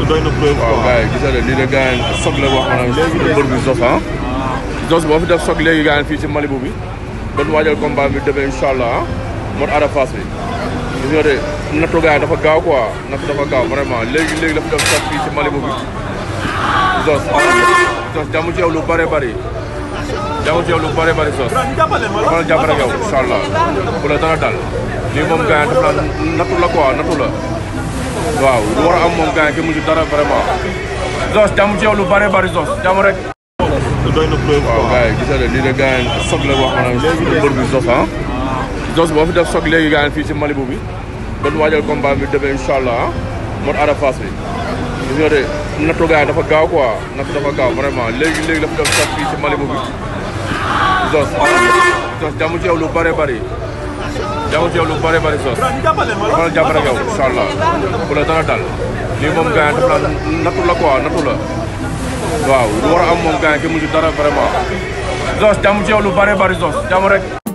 te doy na preuve. waaw gars yi gis nga lii de gars yi la wax maanaam mbër bi Zoss ah. Zoss boo fi def soog léegi gars yi fii ci Malibu bi doon waajal combat bi demee incha allah ah. mot bi. gis nga de nattu gars dafa gaaw quoi nattu dafa gaaw vraiment léegi léegi dafa def soog fii ci Malibu bi Zoss. Zoss jàmm ci yow lu bare bari. jàmm ci yow lu bare bari Zoss. dafa la jàpp rek yow incha bu la dara dal lii moom gars dafa nattu la quoi waaw lu war a am moom gars yi mu ci dara vraiment. Zoss jàmm ci yow lu bare bari Zoss jàmm rek. lu doy na lii de gars yi wax bi Zoss ah. Zoss boo fi def soog léegi gars fii si Malibu bi. doon waajal combat bi demee incha allah ah. mot aada face bi. nattu gars dafa gaaw quoi nattu dafa gaaw vraiment léegi léegi dafa def soog fii ci Malibu bi. Zoss Zoss jàmm ci yow lu bare bari. jàpp ci yow lu bëri bëri sos dafa la jàpp rek yow incha la dara dal waaw lu mu ci dara vraiment sos jàmm ci yow lu bëri bëri sos jàmm rek